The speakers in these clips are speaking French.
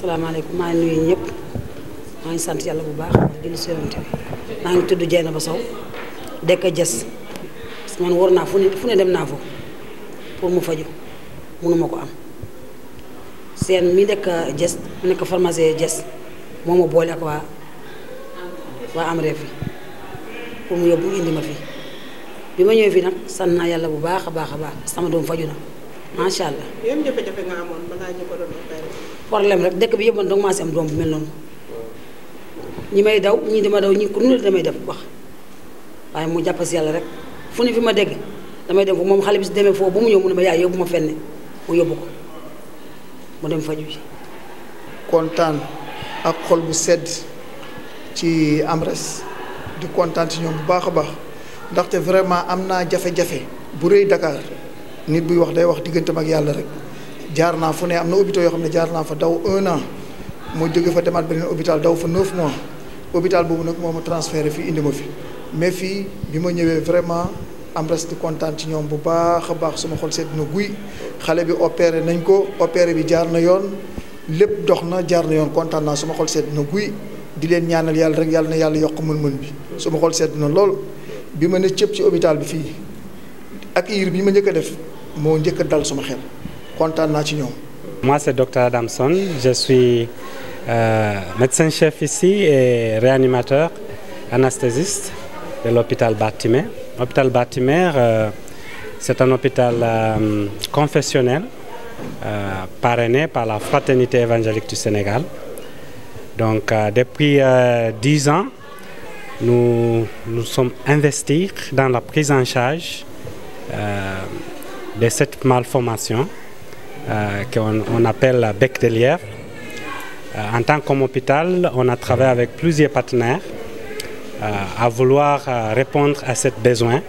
salaamaaleykum maa ngi nuyu maa ngi sant yàlla bu baax di julli si yonent maa ngi tudd Dieynaba Sow dëkk Diass parce que man war naa fu ne fu ne dem naa foofu pour mu faju mënuma ko am seen mi nekk Diass nekk pharmacie Diass moo ma boole ak waa waa am mu indi ma fi bi ma ñëwee fii nag sant naa yàlla bu baax a baax a baax sama doom faju na macha allah. problème rek dëkk bi yëpp man danga maa si am doom bu mel noonu ñi may daw ñii ma daw ñii ku ne damay def wax waaye mu jàpp si yàlla rek fu ne fi ma dégg damay dem foofu moom xale bi si demee foofu ba mu ñëw mu ne ma yaay yóbbu ma fenn mu yóbbu ko mu dem faju ji kontaan ak xol bu sedd ci AMRES di kontaan ci ñoom bu baax a baax ndaxte vraiment am naa jafe-jafe bu rëy Dakar nit buy wax day wax digganteem ak yàlla rek jaar naa fu ne am na hôpital yoo xam ne jaar naa fa daw un an mu jóge fa demaat beneen hôpital daw fa neuf mois hôpital boobu nag moo ma transféré fii indi ma fi mais fii bi ma ñëwee vraiment am reste content ci ñoom bu baax a baax suma xol seet na guy xale bi opéré nañ ko opéré bi jaar na yoon lépp dox na jaar na yoon content naa suma xol seet na guy di leen ñaanal yàlla rek yàlla na yàlla yokk mën-mën bi suma xol seet na lool bi ma ne cëpp ci hôpital bi fii ak iir bi ma njëkk a def moo njëkk dal suma xel Moi c'est Dr Adamson, je suis euh, médecin-chef ici et réanimateur, anesthésiste de l'hôpital Batimer. L'hôpital Batimer, euh, c'est un hôpital euh, confessionnel parrainé par la Fraternité évangélique du Sénégal. Donc depuis dix ans, nous nous sommes investis dans la prise en charge de cette malformation. Euh, qu'on appelle Bec de Lièvre. Euh, en tant qu'hôpital, on a travaillé avec plusieurs partenaires euh, à vouloir répondre à ce besoin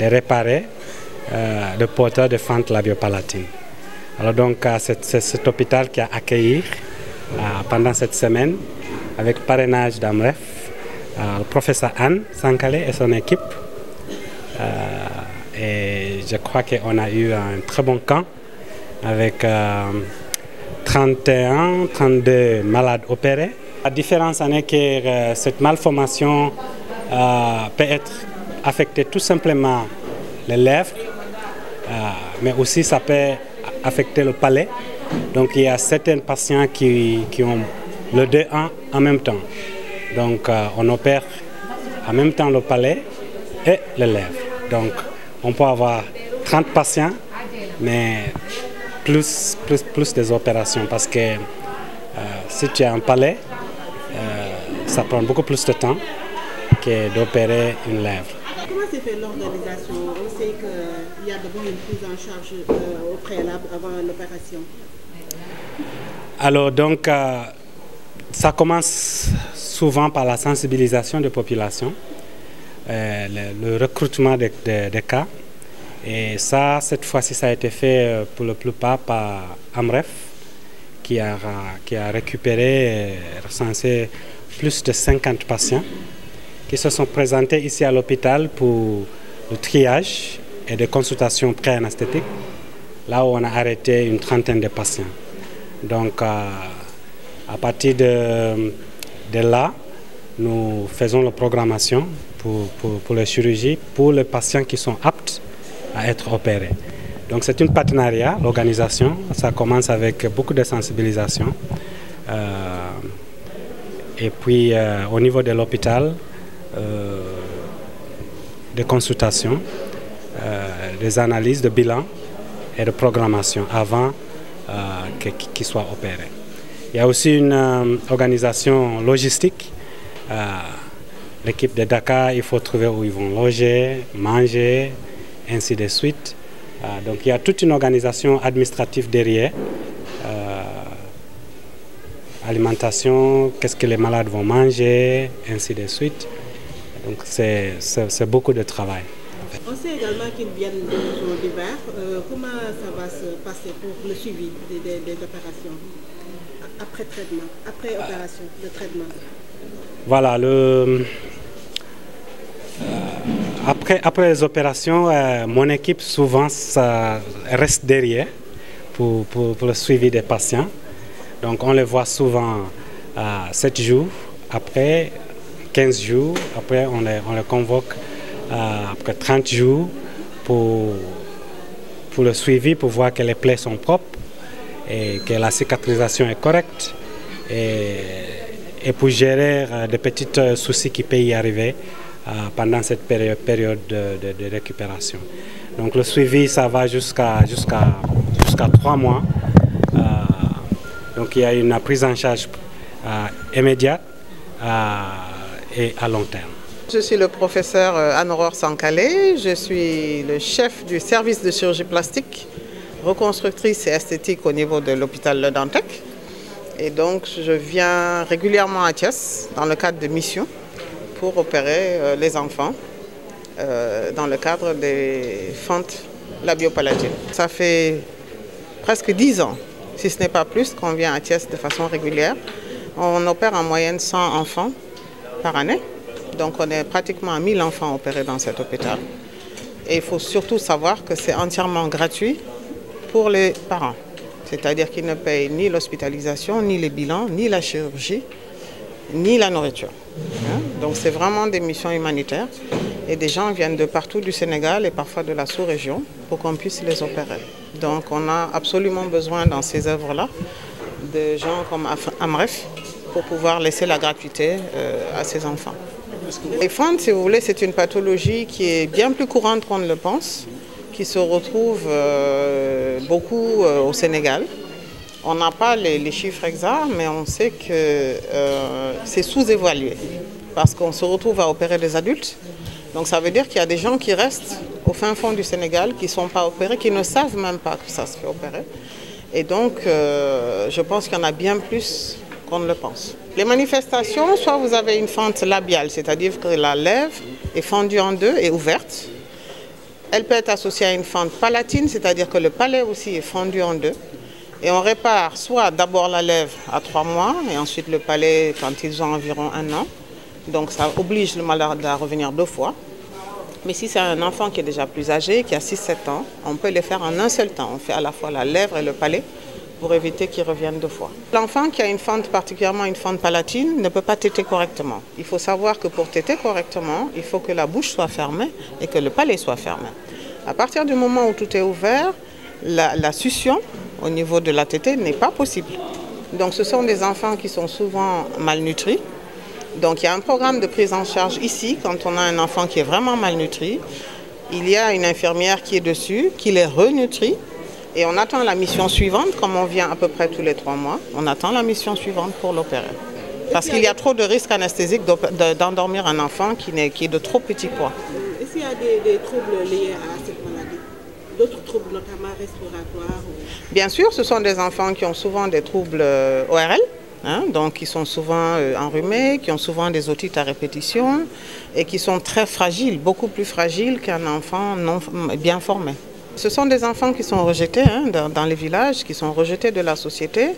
de réparer le porteur de fente labiopalatine. Alors donc, c'est cet hôpital qui a accueilli pendant cette semaine, avec parrainage d'AMREF, le professeur Anne Sankale et son équipe. et je crois qu'on a eu un très bon camp avec 31, euh, 32 malades opérés. À différence en est que euh, cette malformation euh, peut être affectée tout simplement les lèvres, mais aussi ça peut affecter le palais. Donc il y a certains patients qui, ont le 2 1 en même temps. Donc on opère en même temps le palais et les lèvres. Donc on peut avoir 30 patients, mais plus, plus, des opérations parce que euh, si tu as un palais, euh, ça prend beaucoup plus de temps que d'opérer une lèvre. Comment s'est fait l'organisation On sait qu'il y a de bonnes prise en charge euh, au préalable avant l'opération. Alors donc, ça commence souvent par la sensibilisation des populations, le, le, recrutement des cas, et ça, cette fois-ci, ça a été fait euh, pour la plupart par Amref, qui a, qui a récupéré euh, recensé plus de 50 patients qui se sont présentés ici à l'hôpital pour le triage et des consultations pré-anesthétiques, là où on a arrêté une trentaine de patients. Donc, euh, à partir de, là, nous faisons la programmation pour, pour, pour les chirurgies, pour les patients qui sont aptes être opéré. Donc c'est une partenariat, l'organisation. Ça commence avec beaucoup de sensibilisation. Euh, et puis euh, au niveau de l'hôpital, euh, des consultations, des analyses de bilan et de programmation avant qu'ils soient opérés. Il y a aussi une organisation logistique. L'équipe de Dakar, il faut trouver où ils vont loger, manger, ainsi de suite. Euh, donc il y a toute une organisation administrative derrière. Euh, alimentation, qu'est-ce que les malades vont manger, ainsi de suite. Donc c'est beaucoup de travail. On sait également qu'ils viennent de l'hiver. divers. Euh, comment ça va se passer pour le suivi des, des, opérations après traitement, après opération, le traitement Voilà, le, après, les opérations, euh, mon équipe souvent reste derrière pour, le suivi des patients. Donc on les voit souvent 7 euh, jours, après 15 jours, après on les, convoque euh, après 30 jours pour, le suivi, pour voir que les plaies sont propres et que la cicatrisation est correcte et, et pour gérer des petits soucis qui peuvent y arriver. Euh, pendant cette période, de, récupération. Donc le suivi, ça va jusqu'à jusqu'à jusqu'à trois mois. Euh, donc il y a une prise en charge euh, immédiate et à long terme. Je suis le professeur Anne-Aurore je suis le chef du service de chirurgie plastique, reconstructrice et esthétique au niveau de l'hôpital Le Dantec. Et donc je viens régulièrement à Thiès dans le cadre de missions pour opérer euh, les enfants euh, dans le cadre des fentes labiopalatines. Ça fait presque 10 ans, si ce n'est pas plus, qu'on vient à Thiès de façon régulière. On opère en moyenne 100 enfants par année. Donc on est pratiquement à 1000 enfants opérés dans cet hôpital. Et il faut surtout savoir que c'est entièrement gratuit pour les parents. C'est-à-dire qu'ils ne payent ni l'hospitalisation, ni les bilans, ni la chirurgie ni la nourriture. Hein. Donc c'est vraiment des missions humanitaires et des gens viennent de partout du Sénégal et parfois de la sous-région pour qu'on puisse les opérer. Donc on a absolument besoin dans ces œuvres-là de gens comme Amref pour pouvoir laisser la gratuité euh, à ces enfants. Les fentes, si vous voulez, c'est une pathologie qui est bien plus courante qu'on ne le pense, qui se retrouve euh, beaucoup euh, au Sénégal. On n'a pas les, chiffres exacts, mais on sait que euh, c'est sous-évalué parce qu'on se retrouve à opérer des adultes. Donc ça veut dire qu'il y a des gens qui restent au fin fond du Sénégal, qui ne sont pas opérés, qui ne savent même pas que ça se fait opérer. Et donc euh, je pense qu'il y en a bien plus qu'on ne le pense. Les manifestations, soit vous avez une fente labiale, c'est-à-dire que la lèvre est fendue en deux et ouverte. Elle peut être associée à une fente palatine, c'est-à-dire que le palais aussi est fendu en deux. Et on répare soit d'abord la lèvre à trois mois et ensuite le palais quand ils ont environ un an. Donc ça oblige le malade à revenir deux fois. Mais si c'est un enfant qui est déjà plus âgé, qui a 6-7 ans, on peut les faire en un seul temps. On fait à la fois la lèvre et le palais pour éviter qu'il revienne deux fois. L'enfant qui a une fente, particulièrement une fente palatine, ne peut pas téter correctement. Il faut savoir que pour téter correctement, il faut que la bouche soit fermée et que le palais soit fermé. À partir du moment où tout est ouvert, la, la succion au niveau de la n'est pas possible. Donc ce sont des enfants qui sont souvent malnutris. Donc il y a un programme de prise en charge ici quand on a un enfant qui est vraiment malnutri. Il y a une infirmière qui est dessus, qui les renutrit. Et on attend la mission suivante, comme on vient à peu près tous les trois mois, on attend la mission suivante pour l'opérer. Parce qu'il y a trop de risques anesthésiques d'endormir un enfant qui est, de trop petit poids. y a troubles liés à d'autres troubles, notamment Bien sûr, ce sont des enfants qui ont souvent des troubles euh, ORL. Hein, donc qui sont souvent euh, enrhumés, qui ont souvent des otites à répétition et qui sont très fragiles, beaucoup plus fragiles qu'un enfant bien formé. Ce sont des enfants qui sont rejetés hein, dans, les villages, qui sont rejetés de la société.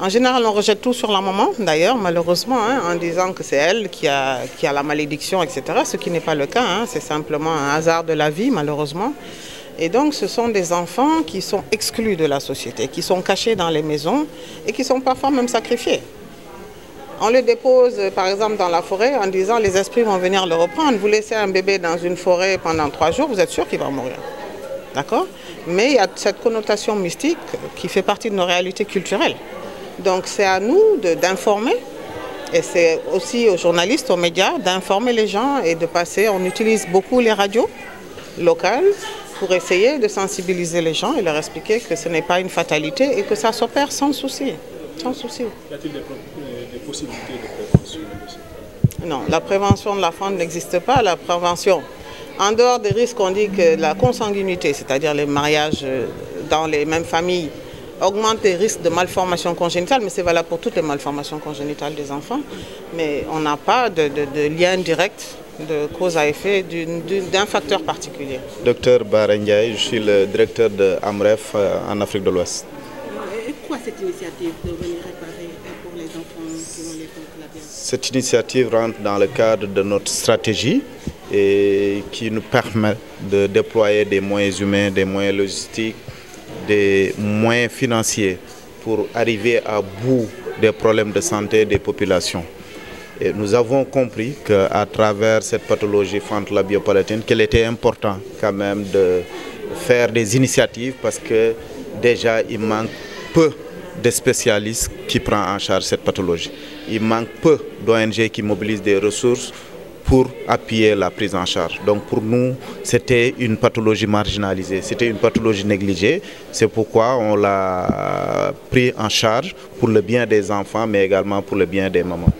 En général, on rejette tout sur la maman, d'ailleurs, malheureusement, hein, en disant que c'est elle qui a, la malédiction, etc. Ce qui n'est pas le cas, c'est simplement un hasard de la vie, malheureusement. Et donc ce sont des enfants qui sont exclus de la société, qui sont cachés dans les maisons et qui sont parfois même sacrifiés. On les dépose par exemple dans la forêt en disant les esprits vont venir le reprendre. Vous laissez un bébé dans une forêt pendant trois jours, vous êtes sûr qu'il va mourir. D'accord Mais il y a cette connotation mystique qui fait partie de nos réalités culturelles. Donc c'est à nous d'informer et c'est aussi aux journalistes, aux médias d'informer les gens et de passer. On utilise beaucoup les radios locales pour essayer de sensibiliser les gens et leur expliquer que ce n'est pas une fatalité et que ça s'opère sans souci. Sans souci. Y a-t-il des, possibilités de prévention Non, la prévention de la faim n'existe pas. La prévention, en dehors des risques, on dit que la consanguinité, c'est-à-dire les mariages euh, dans les mêmes familles, augmente les risques de malformations congénitales, mais c'est valable pour toutes les malformations congénitales des enfants. Mais on n'a pas de lien direct de cause à effet d'un facteur particulier. Docteur Barengay, je suis le directeur de AMREF euh, en Afrique de l'Ouest. Euh, et pourquoi cette initiative de venir réparer euh, pour les enfants qui ont la Cette initiative rentre dans le cadre de notre stratégie et qui nous permet de déployer des moyens humains, des moyens logistiques, des moyens financiers pour arriver à bout des problèmes de santé des populations nous avons compris qu'à travers cette pathologie la Biopalatine qu'il était important quand même de faire des initiatives parce que déjà il manque peu de spécialistes qui prennent en charge cette pathologie. Il manque peu d'ONG qui mobilisent des ressources pour appuyer la prise en charge. Donc pour nous, c'était une pathologie marginalisée, c'était une pathologie négligée. C'est pourquoi on l'a pris en charge pour le bien des enfants, mais également pour le bien des mamans.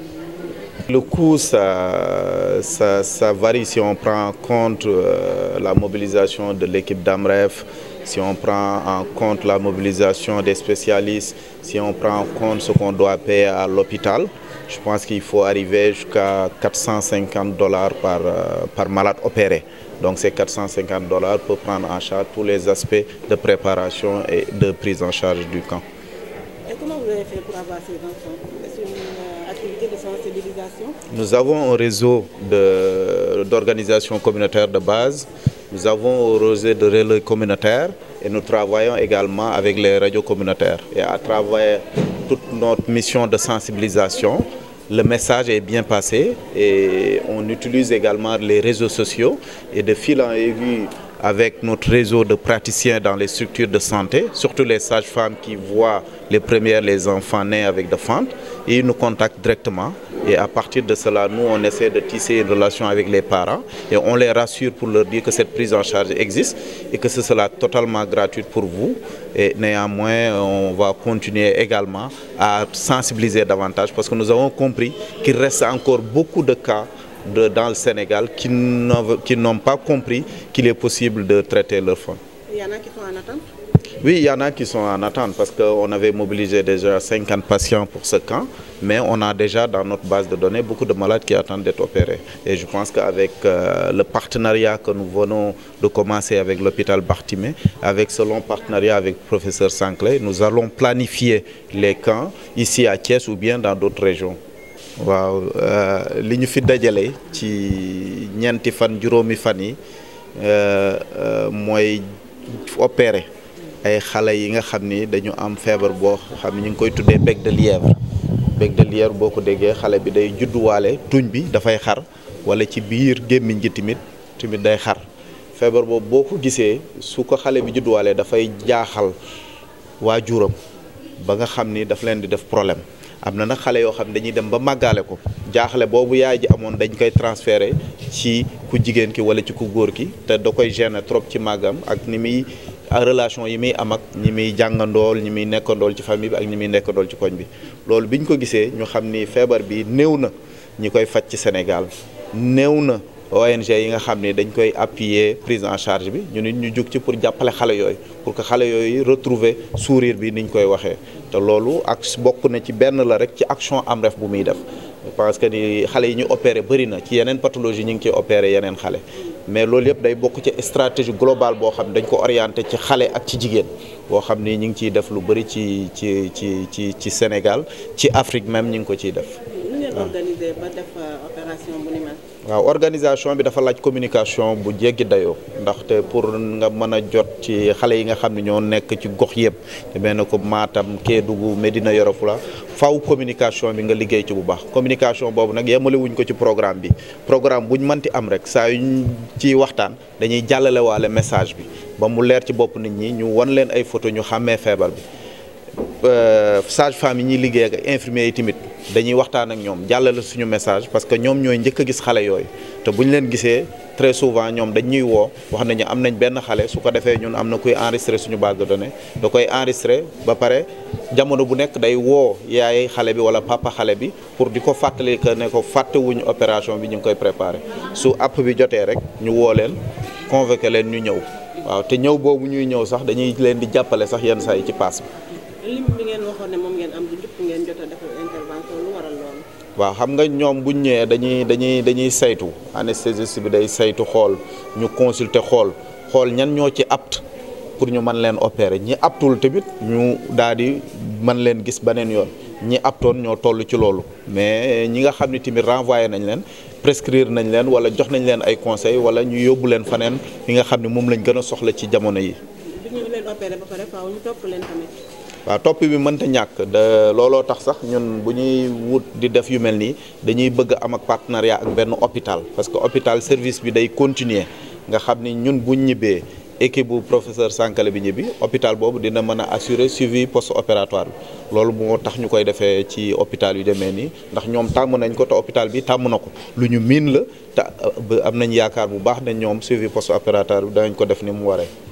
Le coût, ça, varie si on prend en compte euh, la mobilisation de l'équipe d'AMREF, si on prend en compte la mobilisation des spécialistes, si on prend en compte ce qu'on doit payer à l'hôpital. Je pense qu'il faut arriver jusqu'à 450 dollars par, euh, par malade opéré. Donc ces 450 dollars pour prendre en charge tous les aspects de préparation et de prise en charge du camp. Et comment vous avez fait pour avoir ces enfants sensibilisation Nous avons un réseau d'organisations communautaires de base. Nous avons un réseau de relais communautaires et nous travaillons également avec les radios communautaires. Et à travers toute notre mission de sensibilisation, le message est bien passé et on utilise également les réseaux sociaux et de fil en aiguille avec notre réseau de praticiens dans les structures de santé, surtout les sages-femmes qui voient les premières les enfants nés avec des fentes, et ils nous contactent directement. Et à partir de cela, nous, on essaie de tisser une relation avec les parents et on les rassure pour leur dire que cette prise en charge existe et que ce sera totalement gratuit pour vous. Et néanmoins, on va continuer également à sensibiliser davantage parce que nous avons compris qu'il reste encore beaucoup de cas dans le Sénégal qui n'ont pas compris qu'il est possible de traiter leur fond. Il y en a qui sont en attente oui, il y en a qui sont en attente parce qu'on avait mobilisé déjà 50 patients pour ce camp, mais on a déjà dans notre base de données beaucoup de malades qui attendent d'être opérés. Et je pense qu'avec euh, le partenariat que nous venons de commencer avec l'hôpital Bartimé, avec ce long partenariat avec le professeur Sanclay, nous allons planifier les camps ici à Thiès ou bien dans d'autres régions. waaw euh, li ñu fi dajale ci ñeenti fan juróomi fan yi euh, euh, mooy opérer ay xale yi nga xam ni dañu am feebar boo xam ni ñu ngi koy tuddee bec de lièvre bec de lièvre boo ko déggee xale bi day judduwaale tuñ bi dafay xar wala ci biir gémmiñ gi tamit timit day xar feebar boobu boo ko gisee su ko xale bi judduwaale dafay jaaxal waajuram ba nga xam ni daf leen di def problème am na nag xale yoo xam ne dañuy dem ba màggaale ko jaaxale boobu yaay ji amoon dañ koy transféré ci ku jigéen ki wala ci ku góor ki te da koy gêner trop ci màggam ak ni muy relation yi muy am ak ñi muy jàngandool ñi muy nekkandool ci famille bi ak ñi muy nekkandool ci koñ bi loolu bi ñu ko gisee ñu xam ni feebar bi néew na ñi koy faj ci Sénégal néew na ONG yi nga xam ne dañ koy appuyer prise en charge bi ñu nit ñu jug ci pour jàppale xale yooyu pour que xale yooyu retrouver sourire bi ñu koy waxee te loolu ak bokk na ci benn la rek ci action AMREF bu muy def je que ni xale yi ñu opéré bëri na ci yeneen pathologie ñu ngi koy opéré yeneen xale mais loolu yëpp day bokk ci stratégie globale boo xam ne dañ ko orienté ci xale ak ci jigéen boo xam ni ñu ngi ciy def lu bëri ci ci ci ci ci Sénégal ci Afrique même ñu ngi ko ciy def organiser euh, waaw organisation bi dafa laaj communication bu jéggi dayoo ndaxte pour nga mën a jot ci xale yi nga xam ne ñoo nekk ci gox yëpp te mel ne ko Matam Kédougou Médina Yoro faw communication bi nga liggéey ci bu baax communication boobu nag yemalewuñ ko ci programme bi programme buñ mënti am rek saa yuñ ciy waxtaan dañuy jàllale waale message bi ba mu leer ci bopp nit ñi ñu wan leen ay photo ñu xàmmee feebar bi euh, sage-femme yi ñuy liggéey ak infirmier yi tamit. dañuy waxtaan ak ñoom jàllale suñu message parce que ñoom ñooy njëkk a gis xale yooyu te bu ñu leen gisee très souvent ñoom dañ ñuy woo wax nañu am nañ benn xale su ko defee ñun am na kuy enregistré suñu base de da koy enregistré ba pare jamono bu nekk day woo yaay xale bi wala papa xale bi pour di ko fàttali que ne ko fàttewuñu opération bi ñu ngi koy préparé su app bi jotee rek ñu woo leen convoqué leen ñu ñëw waaw te ñëw boobu ñuy ñëw sax dañuy leen di jàppale sax yenn saa yi ci paas waaw xam nga ñoom bu ñëwee dañuy dañuy dañuy saytu anesthésiste bi day saytu xool ñu consulter xool xool ñan ñoo ci apte pour ñu mën leen opérer ñi aptul tamit ñu daal di mën leen gis beneen yoon ñi aptoon ñoo toll ci loolu mais ñi nga xam ne tamit renvoyé nañ leen prescrire nañ leen wala jox nañ leen ay conseil wala ñu yóbbu leen faneen yi nga xam ne moom lañ gën a soxla ci jamono yi. waa topp bi mënta ñàkk looloo tax sax ñun bu ñuy wut di def yu mel nii dañuy bëgg am ak partenariat ak benn hôpital parce que hôpital service bi day continuer nga xam ni ñun buñ ñibbee équipe bu professeur Sankale bi ñibbi hôpital boobu dina mën a assurer suivi post opératoire bi loolu moo tax ñu koy defee ci hôpital yu demee nii ndax ñoom tàmm nañ ko te hoppital bi tàmm na ko lu ñu miin la te euh, am nañ yaakaar bu baax ne ñoom suivi post opératoire bi danañ ko def ni mu waree.